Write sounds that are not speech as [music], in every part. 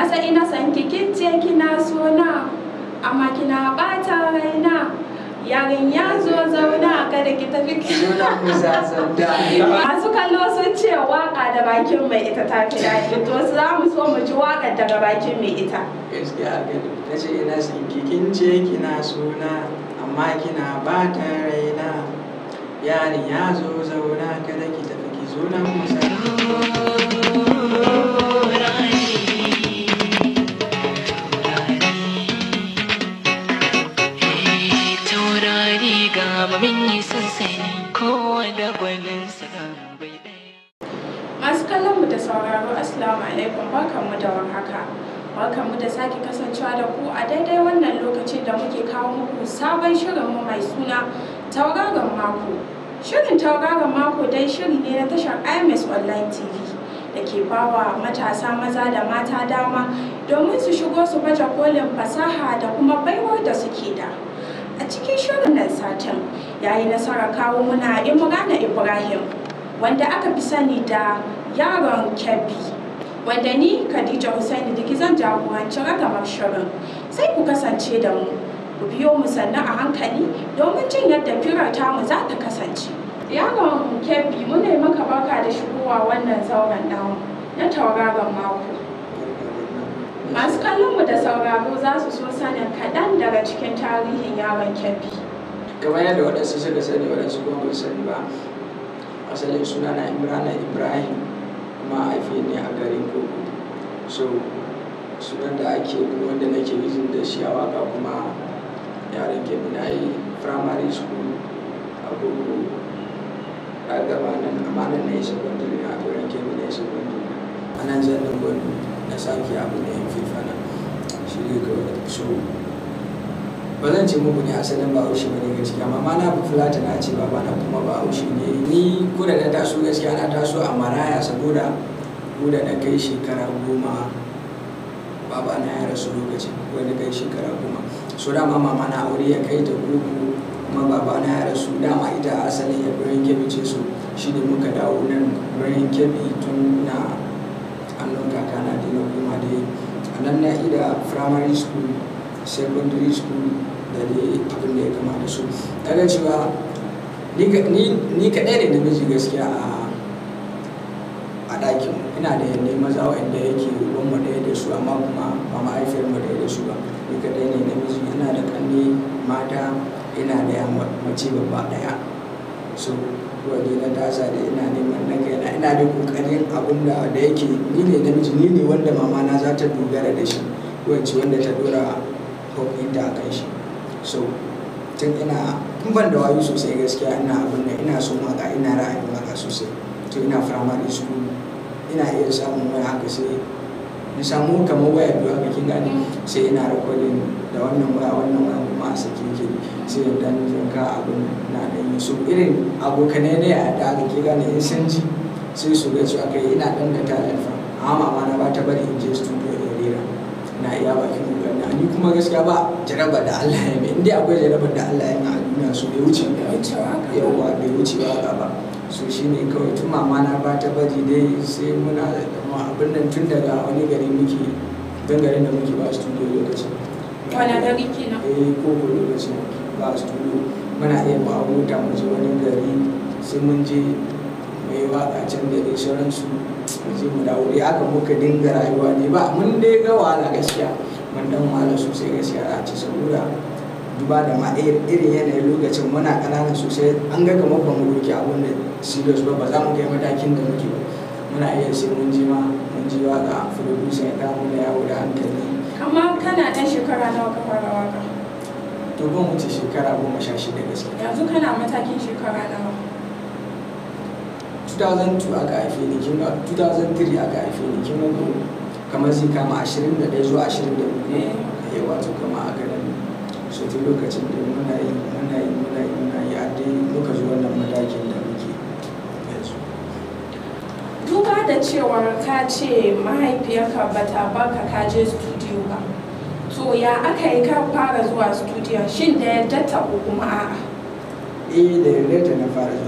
na san ina san kikin ce kina so na amma kina bata raina yarin ya zo zauna kada ki tafi masu kallo sun ce waka da bakin mai ita ta fi daɗi to za mu so mu ji waka daga bakin mai ita gaskiya ta ce ina san kikin ce kina so na amma kina bata raina yarin ya zo zauna kada ki tafi ki zo na musa barkanmu da sake kasancewa da ku a daidai wannan lokacin da muke kawo muku sabon shirin mu mai suna tauraron mako shirin tauraron mako dai shiri ne na tashar ims online tv da ke bawa matasa maza da mata dama domin su shigo su baje kolin fasaha da kuma baiwar da suke da a cikin shirin nan satin ya yi nasarar kawo muna imrana ibrahim wanda aka fi sani da yaron kebbi wanda ni Khadija Hussaini da zan jagoranci ragamar shirin sai ku kasance da mu ku biyo mu sannu a hankali domin jin yadda firar mu za ta kasance. Yaron Kebbi mu ne maka baka da shigowa wannan zauren namu na tauraron mako. Masu kallon mu da sauraro za su so sanin kaɗan daga cikin tarihin yaron Kebbi. kamar yadda waɗansu suka sani waɗansu kuma ba sani ba asalin suna na imrana ibrahim amma ake ne a garin kogo so sunan da ake wanda nake yuzin da shi a waka kuma yaran ke muna yi primary school a kogo a gaba nan amma nan na yi secondary a garin ke na yi secondary a nan zan nan gwani na sake abu na yin fifa na shi ne kawai so ba zan ce muku ne asalin ba haushi bane gaskiya amma mana ba fulata na ce ba mana kuma ba haushi ne ni ko da na taso gaskiya na taso a maraya saboda ko da na kai shekara goma baba na ya rasu lokacin ko da kai shekara goma so dama mama na aure ya kai ta gurgu kuma baba na ya rasu dama ita asalin ya birin kebe ce su shi ne muka dawo nan birin kebe tun na hannun kakana da goma kuma dai a nan na ida primary school secondary school da dai abin da ya kama da su kaga cewa ni kaɗai ne namiji gaskiya a ɗakin ina da yanne maza wa'anda yake mu ɗaya da su amma kuma ba mu ɗaya da su ba ni kaɗai ne namiji ina da ƙanne mata ina da ya mace babba ɗaya so wani na tasa da ina neman na kaina ina da ƙoƙarin abin da yake ni ne namiji ni ne wanda mama na za ta dogara da shi wacce wanda ta dora hukunta a kan shi so tun ina in ban da wayo sosai gaskiya ina abin da ina so maka ina ra'ayin maka sosai to ina firamare school ina iya samun waya haka sai in samu kamar waya biyu haka kin gani mm. sai ina rikodin da wannan waya wannan waya kuma a sake ke sai da dan ka abin na dan yi so irin abokanai ne a da haka ke gane in san ji sai su ga cewa kai ina dan da talent amma ma na ba ta bari in je studio da rera na iya bakin ni kuma gaskiya ba jaraba da Allah ya mai inda akwai jaraba da Allah ya mai duniya so bai wuce yawa bai wuce waka ba so shi ne kawai tun mama na ba ta baji dai sai muna da abin nan tun daga wani gari muke dangare da muke ba studio lokaci da rike na eh ko ko lokaci ba su studio muna iya ba mota mu je wani gari sai mun je mai waka can da insurance mu je mu dawo dai aka muka dinga rayuwa ne ba mun dai ga wahala gaskiya wannan dan sosai gaskiya a ci saboda duba da ma irin yanayin lokacin muna kanana sosai an ga kamar ba mu doki abun da serious ba ba za mu kai matakin da muke muna iya sai mun ji ma mun ji waka producer ya kawo da yawo da hankali amma kana ɗan shekara nawa ka fara waka to ban wuce shekara goma sha shida gaskiya yanzu kana matakin shekara nawa 2002 aka haife ni kin 2003 aka haife ni kin kamar zai kama 21 zuwa 22 ne ya eh, wato kama a garin su tun lokacin da muna yi muna yi muna yi muna yi a dai wannan matakin da muke yanzu duba da cewar ka ce mahaifiyarka ba ta baka ka je studio ba to ya aka yi ka fara zuwa studio shin da yadda ta hukuma. kuma a'a eh da yadda na fara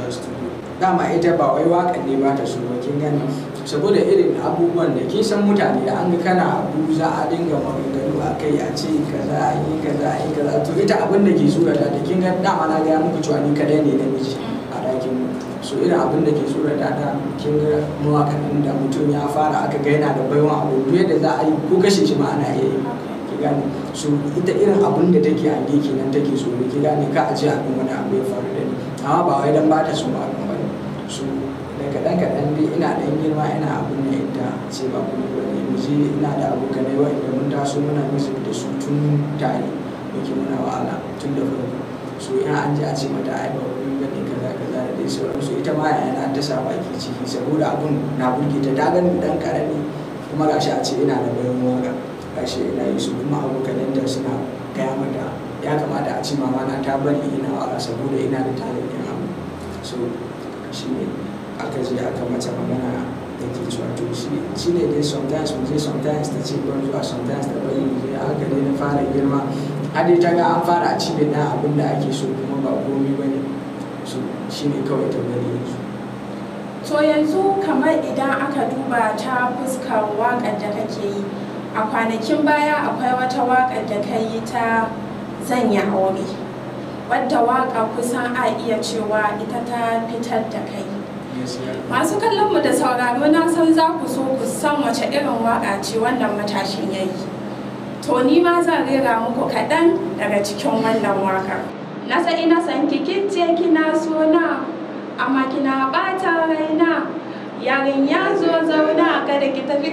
dama ita ba wai waka ne ba ta so kin gani saboda irin abubuwan da ke san mutane da an ga kana abu za a dinga maganganu a kai a ce kaza a yi kaza a yi kaza to ita abin da ke zuwa da kin ga dama na gaya muku cewa ni kadai ne da miji a ɗakin mu so irin abin da ke surata da kin ga din da mutum ya fara aka ga yana da baiwan abu duk yadda za a yi ko kashe shi ma ana iya yi ki gane so ita irin abin da take hange kenan take so ki gane ka a ce abin wani abu ya faru da ni amma ba wai dan ba ta so ba su da kaɗan kaɗan dai ina ɗan girma ina abin da ta ce ba kuma ba ne mu je ina da abokanai inda mun taso muna music da su tun tare muke muna wahala tun da farko so ina an ji a ce mata ai ba ba ne kaza kaza da dai su ita ma yana ta sa baki ciki saboda abun na burge ta ta gani dan karami kuma gashi a ce ina da bayan waka gashi ina yi su kuma abokanan da suna gaya mata ya kamata a ce mama na ta bari ina waka saboda ina da talibin abu so shi ne aka je aka mata magana da ke cewa to shi ne dai sometimes mu je sometimes ta ce ban zuwa sometimes ta bari mu je haka dai na fara girma har dai ta ga an fara a cibin na abin da ake so kuma ba komai ba ne so shi ne kawai ta bari yanzu to yanzu kamar idan aka duba ta fuskar waƙar da kake yi a kwanakin baya akwai wata waƙar da ka yi ta zanya aure wadda waka kusan a iya cewa ita ta fitar da kai masu kallon mu da sauraro na san za ku so ku san wace irin waka ce wannan matashin yayi to ni ma zan rera muku kaɗan daga cikin wannan wakar na sai na san kikin ce kina suna, amma kina ɓata raina yarin ya zo zauna kada ki tafi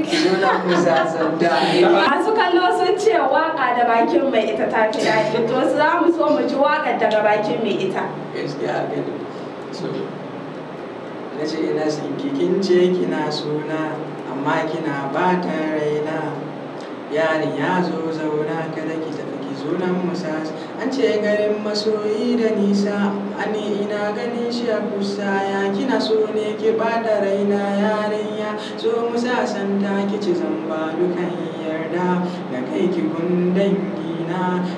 masu kallo sun ce waka da bakin mai ita ta fi daɗi to za mu so mu ji waka daga bakin mai ita na ce ina kikin ce kina suna amma kina bata raina yarin ya zo zauna kada ki tafi ki zo nan an ce garin masoyi da nisa ani ina ganin shi a kusa ya kina so ne ki bada raina yarinya so musa santa ki ci zamba dukan yarda da kai ki gundan dangi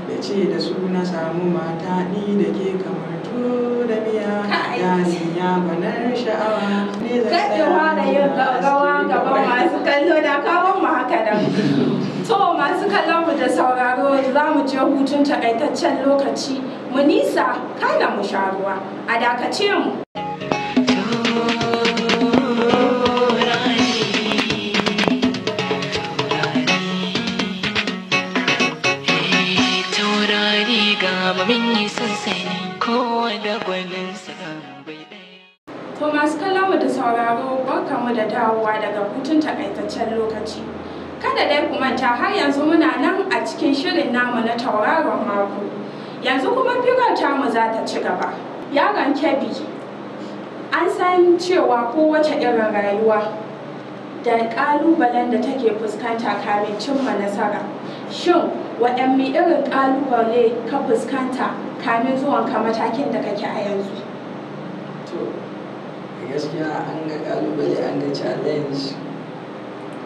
da ce da su na samu mata ni da ke kamar to da miya yarinya banar sha'awa ne zai zan yin gawa gaba masu kallo da kawon mu haka [laughs] To masu kallon mu da sauraro za mu je hutun takaitaccen lokaci mu nisa kana mu sha ruwa a dakace mu. To masu kallon mu da sauraro mu da dawowa daga hutun takaitaccen lokaci. Kada dai ku manta har yanzu muna nan a cikin shirin namu na tauraron mako. Yanzu kuma firar tamu za ta ci gaba. Yaron kebi an san cewa kowace irin rayuwa da ƙalubalen da take fuskanta kamin cimma nasara. Shin waɗanne irin ƙalubale ka fuskanta kamin zuwanka matakin da kake a yanzu? To, gaskiya an ga ƙalubale an ga challenge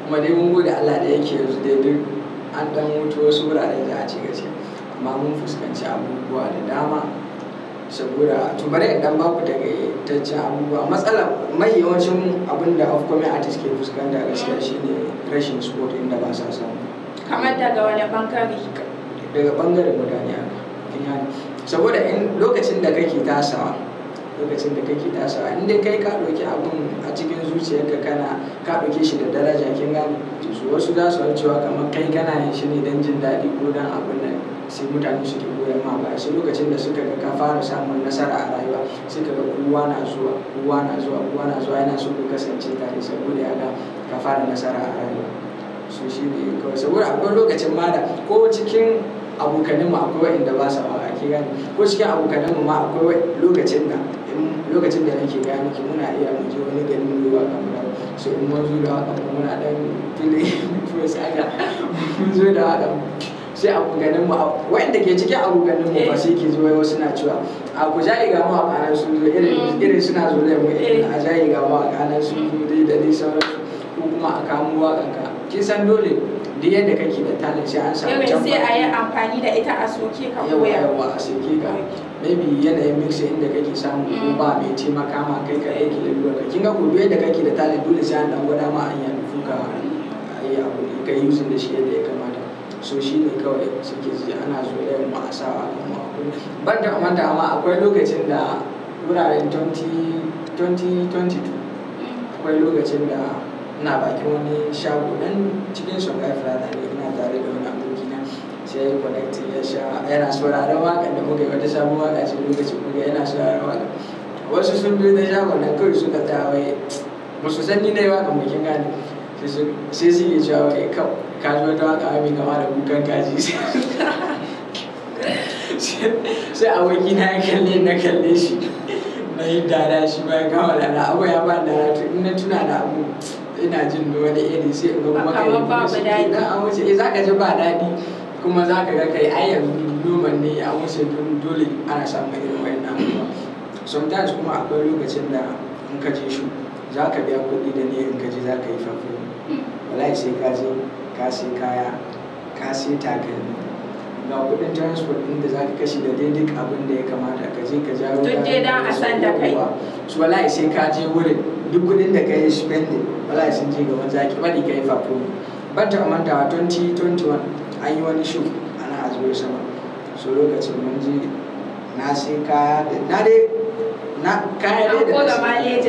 kuma dai mun gode Allah da yake yanzu dai duk an dan mutu wasu wuraren da a ce gaske amma mun fuskanci abubuwa da dama saboda to bari dan ba ku takaitaccen abubuwa matsala mai yawancin abin da coming artist ke fuskanta gaskiya shine rashin support inda ba sa samu kamar daga wani bangare daga bangaren mutane haka saboda in lokacin da kake tasawa lokacin da kake tashi in dai kai ka ɗauki abun a cikin zuciyarka kana ka ɗauke shi da daraja kin gane su wasu za su cewa kamar kai kana yin shi ne don jin daɗi ko don abin nan sai mutane suke goyon ma ba shi lokacin da suka ga ka fara samun nasara a rayuwa sai ka ga kowa na zuwa kowa na zuwa kowa na zuwa yana so ku kasance tare saboda ya ga ka fara nasara a rayuwa su shi ne kawai saboda akwai lokacin ma da ko cikin abokanin mu akwai wa'inda ba sa ba a ke gane ko cikin abokanin mu ma akwai lokacin da lokacin da nake gaya miki muna iya muje wani gari ne ba kamar so in mun zo da haka muna dan fili [laughs] sai aga mun zo da haka sai a ganin mu wanda ke cikin abu ganin mu ba sai ke zo wasu suna cewa a ku jaye ga mu a kanan su zo mm. irin suna zo da mu eh, a jaye ga mu a kanan su zo dai da dai sauran ko kuma a kamuwa kanka kin san dole duk yadda kake da talent sai an samu yau sai a yi amfani da ita a soke ka koya yawa a soke ka maybe yanayin mix inda kake samu ko mm. ba mai taimaka ma kai ka aiki da lura kin ga ko duk yadda kake da talent dole sai an dawo da ma an yi nufin ka yi abu ka yi musu da shi yadda ya kamata so shi ne kawai suke ji ana so da yamma a sa kuma ban da kamar amma akwai lokacin da wuraren 2022 mm. akwai lokacin da ina bakin wani shago nan cikin shanghai plaza ne ina tare da wani abokina sai ya yi connecting ya sha yana sauraron waka da muka yi wata sabon waka ce lokacin muka yana sauraron waka wasu sun biyo ta shagon nan kawai suka tawaye ba su san ni dai yi waƙa mu gane sai su yi cewa wai kawai ka ji wata waƙa mai kama da kukan kaji [laughs] sai abokina ya kalle na kalle shi na yi dada shi bayan da na abu ya ba da in na tuna da abu ina jin da wani iri sai in ga kai ba ba daɗi na an wuce eh ka ji ba dadi kuma ka ga kai ai yanzu noman ne an wuce dole ana samun irin wannan abubuwa sometimes kuma akwai lokacin da in ka je shi za ka biya kuɗi da ne in ka je za ka yi fafi wallahi sai ka je ka sai kaya ka sai takalmi ga kuɗin transport ɗin da za ka kashe da dai duk abin da ya kamata ka je ka jawo ka duk dai dan a da kai su wallahi sai ka je wurin duk kudin da kai spending wala sun je gaban zaki bari kai fako ban ta manta 2021 an yi wani show ana zuwa sama so lokacin mun je na sai kaya da na dai na kaya dai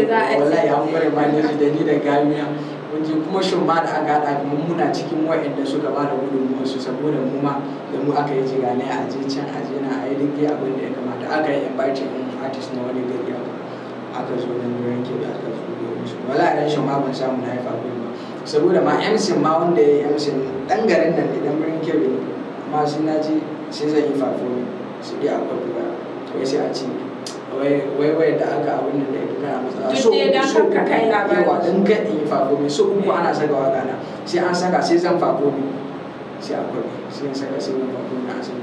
da wallahi an kore maleji da ni da gamiya mun je kuma shin ma da aka da mun muna cikin wa'anda suka ba da gudunmuwar su saboda mu ma da mu aka yi jigane a je can a je na a yi duk abin da ya kamata aka yi invite artist na wani gari aka zo nan wurin ke da aka zo domin shi wala ran shi ma ban samu na haifa ko ba saboda ma emsin ma wanda ya yi emsin dan garin nan ne dan wurin kebe ne amma sun na ji sai zan yi fafo su bi a kwakwuka wai sai a ci wai wai da aka abin da ya kana masa so so ka kai labari wa dan ka yi fafo mai so uku eh. ana saka wa gana sai an saka sai zan fafo ne sai a kwakwuka sai an saka sai zan fafo ne a sai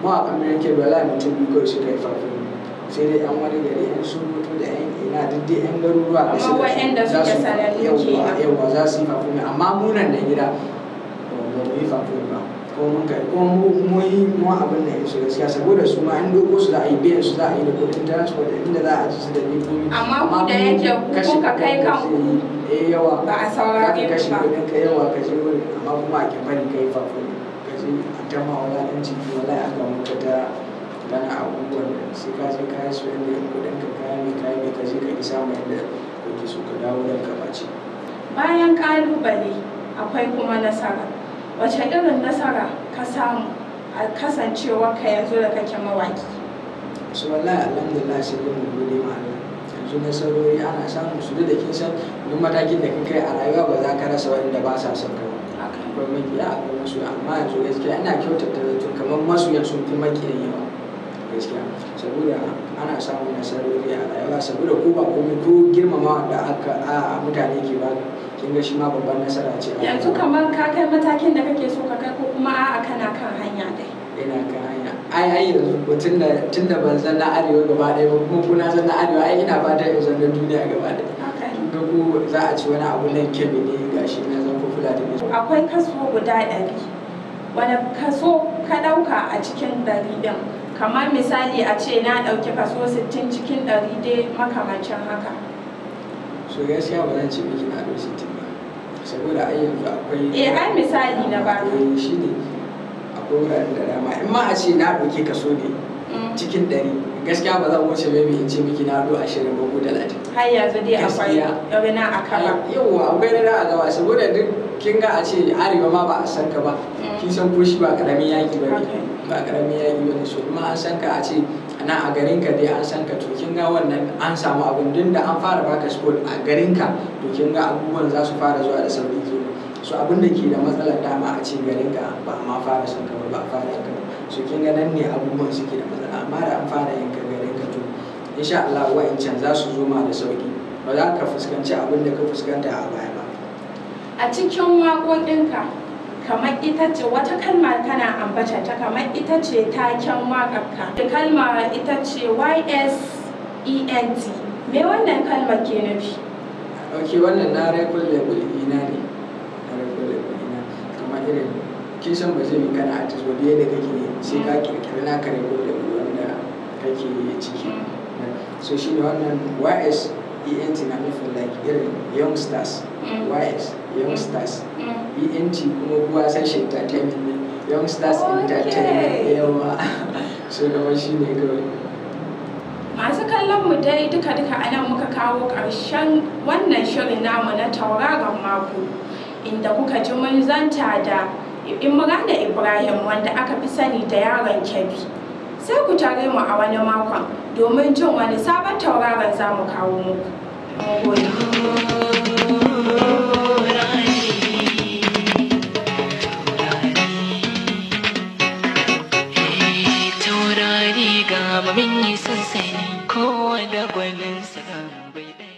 ma a kamarin kebe wala mutum biyu kawai suka yi fafo ne sai dai an wani gari yan mutu da yan ina duk dai yan garuruwa da shi wa'anda suke yawa za su yi fafumi amma munan da gida ba mu yi fafumi ba ko mun kai ko mu yi mu abin da su gaskiya saboda su ma an doko su za a yi biyan su za a yi da kudin transport inda za a ci su da ni likomi amma ku da yake ka kai kanku eh yawa ba a saurari ba kashi kudin ka yawa ka je wurin amma kuma a kifani kai fafumi kashi a tamawa za a ɗan ciki wala a ga mutata tana abubuwan da sai ka je kayan su yadda yin kudin ka kayan mai kayan mai ka je ka isa mai yadda kake so ka dawo da ka bace. bayan kalubale akwai kuma nasara wace irin nasara ka samu a kasancewa ka yanzu da kake mawaki. su wallahi alhamdulillah sai dai mu gode ma Allah yanzu nasarori ana samun su da kin san duk matakin da kin kai a rayuwa ba za ka rasa wanda ba sa son kai akwai makiya akwai masu amma yanzu gaskiya ina kyautata zato kamar masu yanzu fi makiyan yawa gaskiya saboda ana samun nasarori a rayuwa saboda ko ba komai ko girmama da aka a mutane ke ba kin ga shi ma babban nasara ce yanzu kamar ka kai matakin da kake so ka kai ko kuma a'a kana kan hanya dai ina kan hanya ai ai yanzu ko tunda tunda ban san na arewa gaba ɗaya ba kuma kuna san na arewa ai ina fata in san na duniya gaba ɗaya ga ku za a ci wani abu nan kebe ne gashi na zan kufula da biyu akwai kaso guda ɗari wani kaso ka ɗauka a cikin ɗari ɗin kamar misali a ce na ɗauki kaso 60 cikin 100 dai makamancin haka so gaskiya ba zan ce miki na ɗauki 60 ba saboda ai yanzu akwai eh ai misali na ba eh shi ne akwai wuraren da dama in ma a ce na ɗauki kaso ne mm. cikin 100 gaskiya ba zan wuce mai mai ce miki na ɗau 20 ba ko 30 har yanzu dai akwai yawon a kaba yawwa akwai rana a gaba saboda duk kin ga a ce arewa ma ba a san ka ba mm. kin san ko shi ba karamin yaki ba ne ba karami ya yi wani su ma an san ka a ce ana a garin ka dai an san ka to kin ga wannan an samu abin din da an fara baka sport a garin ka to kin ga abubuwan za su fara zuwa da sauki ke so abin da ke da matsalar dama a ce garin ka ba ma fara san ka ba fara yanka so kin ga nan ne abubuwan suke da matsala amma da an fara yanka garin ka to insha Allah wa'ancan za su zo ma da sauki ba za ka fuskanci abin da ka fuskanta a baya ba a cikin waƙoƙinka kamar ita ce wata kalma kana ambata ta kamar ita ce taken waƙarka kalma ita ce ysent me wannan kalma ke nufi ok wannan na raifin label ina ne na raifin label ina kamar irin kin san ba zai yi kana artist ba da kake sai ka kirkiri na ka raifin label wanda kake ciki mm. so shi ne wannan ys ent na nufin like irin youngsters white mm. youngsters mm. mm. ent kuma kuwa sashen entertainment ne youngsters entertainment yawa [laughs] so wani shi ne kawai masu kallon mu dai duka-duka a nan muka kawo ƙarshen wannan shirin namu na tauraron mako inda kuka ji mun zanta da imran da ibrahim wanda aka fi sani da yaron kebbi sai ku tare mu a wani makon domin jin wani sabon tauraron za mu kawo muku. mun yi sansani kowa da gwaninsa bai